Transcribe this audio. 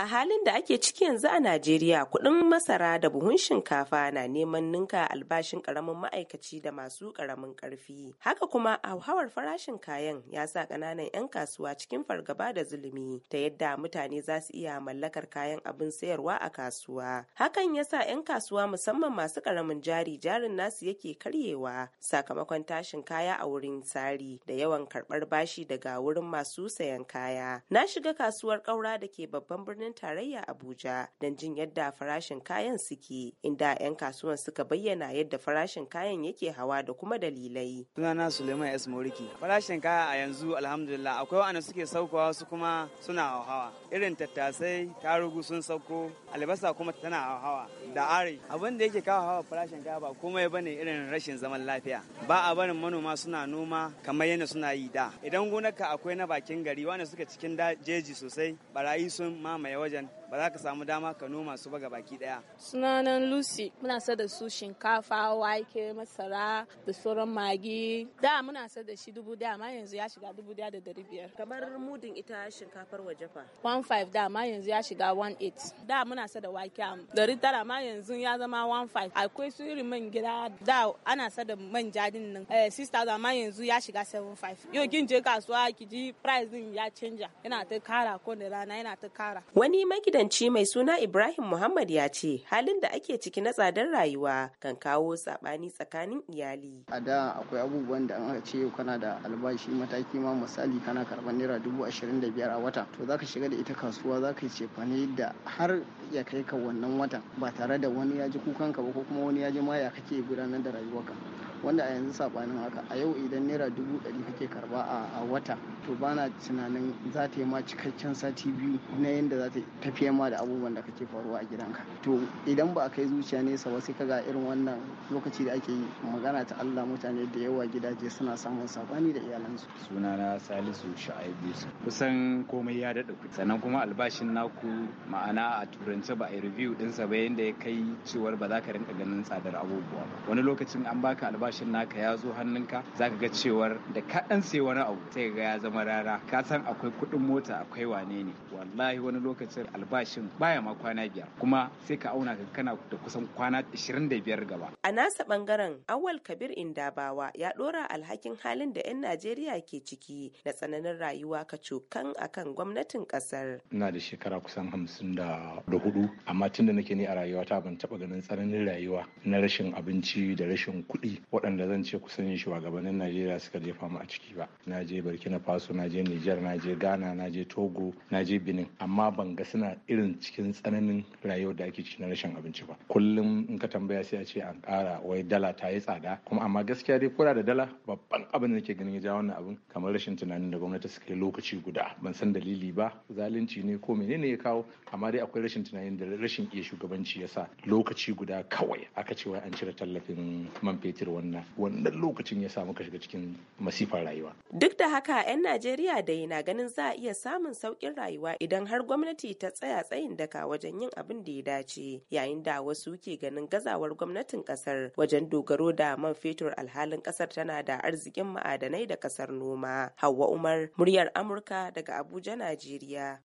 A halin da ake ciki yanzu a Najeriya kuɗin masara da buhun shinkafa na neman ninka albashin ƙaramin ma'aikaci da masu ƙaramin ƙarfi. Haka kuma hauhawar farashin kayan ya sa ƙananan 'yan kasuwa cikin fargaba da zulumi ta yadda mutane za su iya mallakar kayan abin sayarwa a kasuwa. Hakan ya sa 'yan kasuwa musamman masu ƙaramin jari jarin nasu yake karyewa sakamakon tashin kaya a wurin tsari da yawan karɓar bashi daga wurin masu sayan kaya. Na shiga kasuwar ƙaura da ke babban birnin birnin tarayya Abuja don jin yadda farashin kayan suke inda 'yan kasuwan suka bayyana yadda farashin kayan yake hawa da kuma dalilai. Sunana Suleiman S. Moriki. Farashin kaya a yanzu alhamdulillah akwai wa'anda suke saukowa su kuma suna hawa. Irin tattasai, tarugu sun sauko, albasa kuma tana hawa da ari. Abin da yake kawo hawa farashin kaya ba komai bane irin rashin zaman lafiya. Ba a barin manoma suna noma kamar yadda suna yi da. Idan gonarka akwai na bakin gari wanda suke cikin jeji sosai barayi sun mamaye wajen ba za ka samu dama ka noma su ba ga baki daya. Sunanan Lucy muna sa da su shinkafa, wake, masara da sauran magi. Da muna sa da shi dubu daya amma yanzu ya shiga dubu daya da dari biyar. Kamar mudin ita shinkafar waje fa. One five da amma yanzu ya shiga one eight. Da muna sa da wake am. Dari tara amma yanzu ya zama one five. Akwai su irin man gida da ana sa da man jadin nan. Eh, six thousand amma yanzu ya shiga seven five. Yau kin je kasuwa ki ji price din ya canja. Yana ta kara ko da rana yana ta kara. Wani magidanci mai suna Ibrahim Muhammad ya ce halin da ake ciki na tsadar rayuwa kan kawo sabani tsakanin iyali. A da akwai abubuwan da an ce kana da albashi mataki ma misali kana karban naira dubu ashirin da biyar a wata to zaka shiga da ita kasuwa zaka yi cefane da har ya kai ka wannan watan ba tare da wani ya ji kukan ka ba ko kuma wani ya ji ma ya kake gudanar da rayuwarka. wanda a yanzu sabanin haka a yau idan naira dubu ɗari kake karba a wata to bana tunanin za ta yi ma cikakken sati biyu na yadda za ta tafiya ma da abubuwan da kake faruwa a gidanka to idan ba a kai zuciya nesa ba sai kaga irin wannan lokaci da ake yi magana ta Allah mutane da yawa gidaje suna samun sabani da iyalansu sunana Salisu Shu'aibu kusan komai ya daɗa kuɗi sannan kuma albashin naku ma'ana a turance ba a yi review ɗinsa ba yadda ya kai cewar ba za ka rinka ganin tsadar abubuwa ba wani lokacin an baka albashi albashin naka ya zo hannunka zaka ga cewar da ka dan sai wani abu sai ga ya zama rara ka san akwai kuɗin mota akwai wane ne wallahi wani lokacin albashin baya ma kwana biyar kuma sai ka auna ka kana da kusan kwana biyar gaba a nasa bangaren awal kabir indabawa ya ɗora alhakin halin da 'yan najeriya ke ciki na tsananin rayuwa ka cokan akan gwamnatin kasar ina da shekara kusan hamsin da hudu amma tun da nake ne a rayuwa ta, ban taba ganin tsananin rayuwa na rashin abinci da rashin kuɗi waɗanda zan ce kusan yin shugabannin najeriya suka je mu a ciki ba na je burkina faso na je niger na je ghana na je togo na je benin amma ban ga suna irin cikin tsananin rayuwar da ake ciki na rashin abinci ba kullum in ka tambaya sai a ce an ƙara wai dala ta yi tsada kuma amma gaskiya dai kura da dala babban abin da nake ganin ya ja wannan abin kamar rashin tunanin da gwamnati suka yi lokaci guda ban san dalili ba zalunci ne ko menene ya kawo amma dai akwai rashin tunanin da rashin iya shugabanci ya sa lokaci guda kawai aka ce wai an cire tallafin man fetur wannan nan wannan lokacin ya sa muka shiga cikin masifar rayuwa duk da haka 'yan najeriya da yana ganin za a iya samun sauƙin rayuwa idan har gwamnati ta tsaya tsayin daka wajen yin abin da ya dace yayin da wasu ke ganin gazawar gwamnatin kasar wajen dogaro da man fetur alhalin kasar tana da arzikin ma'adanai da kasar noma Hauwa umar muryar amurka daga abuja najeriya